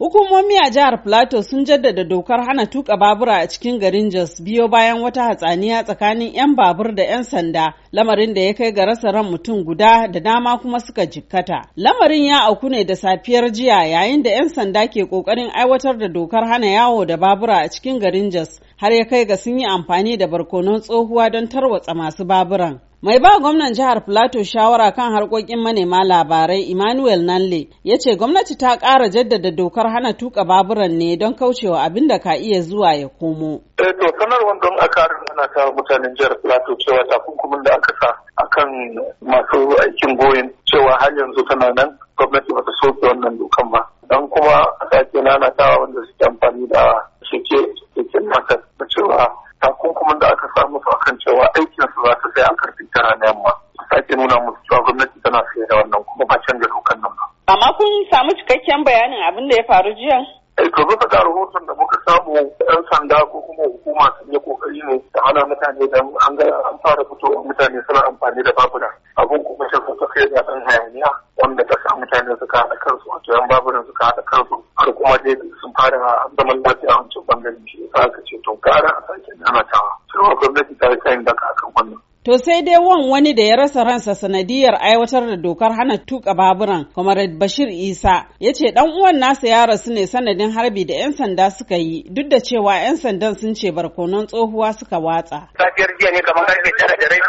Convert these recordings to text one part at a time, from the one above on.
Hukumomi a jihar plato sun jaddada dokar hana tuka babura a cikin garin Jos biyo bayan wata hatsaniya tsakanin 'yan babur da 'yan sanda, lamarin da ya kai ga rasa ran mutum guda da dama kuma suka jikkata. Lamarin ya auku ne da safiyar jiya yayin da 'yan sanda ke kokarin aiwatar da dokar hana yawo da babura a cikin garin Jos har ya kai ga sun yi amfani da barkonon tsohuwa don tarwatsa masu baburan. Mai ba gwamnan jihar Plateau shawara kan harkokin manema labarai Emmanuel Nanle ya ce gwamnati ta ƙara jaddada dokar hana tuka baburan ne don kaucewa abin da ka iya zuwa ya komo. Eh to sanarwar don aka ana ta mutanen jihar Plateau cewa takunkumin da aka sa akan masu aikin goyin cewa har yanzu tana nan gwamnati ba ta soke wannan dokan ba. don kuma a sake nanatawa wanda suke amfani da ake nuna musu cewa gwamnati tana fiye da wannan kuma ba canza dokan nan ba. Amma kun samu cikakken bayanin abin da ya faru jiya? Eh, to bisa ga rahoton da muka samu yan sanda ko kuma hukuma sun yi kokari ne da hana mutane da an ga an fara fitowa mutane suna amfani da babura Abin kuma shi suka kai da ɗan hayaniya wanda ta sa mutane suka haɗa kansu a cikin baburan suka haɗa kansu har kuma dai sun fara zaman lafiya a wancan bangaren shi sa aka ce to gara a sake nanatawa cewa gwamnati ta yi sayin da To sai dai wan wani da ya rasa ransa sanadiyar aiwatar da dokar hana tuka baburan, kamar Bashir Isa, ya ce dan uwan nasa ya rasu ne sanadin harbi da 'yan sanda suka yi, duk da cewa 'yan sandan sun ce barkonon tsohuwa suka watsa. Safiyar jiya ne kamar karfe tara da rai,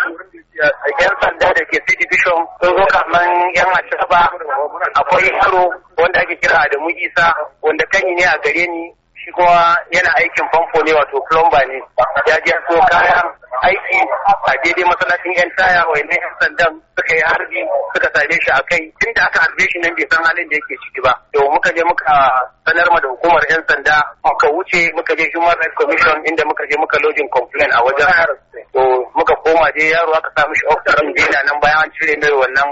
'yan sanda da ke City Division sun zo kamar 'yan ashaba akwai yaro wanda ake kira Adamu Isa wanda kan ne a gare ni shi kuma yana aikin famfo ne wato plumber ne ya je so kaya aiki a daidai masalacin yan taya wayannan yan sandan suka yi harbi suka same shi a kai inda aka harbe shi nan bai san halin da yake ciki ba to muka je muka sanar ma da hukumar yan sanda muka wuce muka je human rights commission inda muka je muka lojin complaint a wajen to muka koma je yaro aka sa mishi officer dina nan bayan an cire mai wannan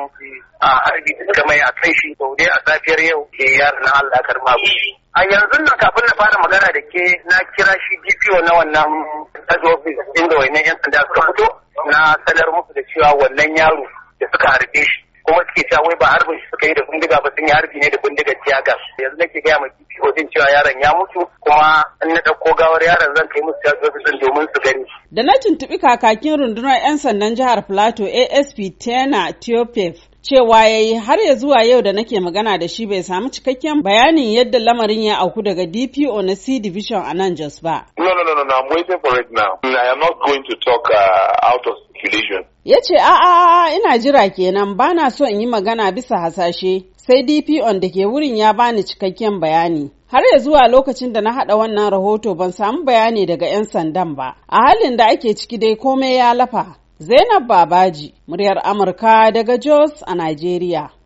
a harbi suka mai a kan shi to dai a safiyar yau ke yaro na Allah karma a yanzu nan kafin na fara magana da ke na kira shi DPO na wannan ofis din inda wainan yan sanda suka fito na sanar musu da cewa wannan yaro da suka harbe shi kuma suke cewa wai ba harbin shi suka yi da bindiga ba sun yi harbi ne da bindigar tiyaga yanzu nake gaya ma kotun cewa yaron ya mutu kuma in na ɗauko gawar yaron zan kai musu tiyaga office domin su gani. Da na tuntuɓi kakakin rundunar 'yan sandan jihar Plateau ASP Tena Tiopef cewa ya yi har ya zuwa yau da nake magana da shi bai samu cikakken bayanin yadda lamarin ya auku daga DPO na C Division a nan Jos ba. and I'm waiting for it now. I am not going to talk uh, out of speculation. Ya ce, a'a ina jira kenan ba na so in yi magana bisa hasashe, sai DPO da ke wurin ya bani cikakken bayani. Har ya zuwa lokacin da na haɗa wannan rahoto ban samu bayani daga 'yan sandan ba. A halin da ake ciki dai komai ya lafa. Zainab Babaji, muryar Amurka daga Jos a Najeriya.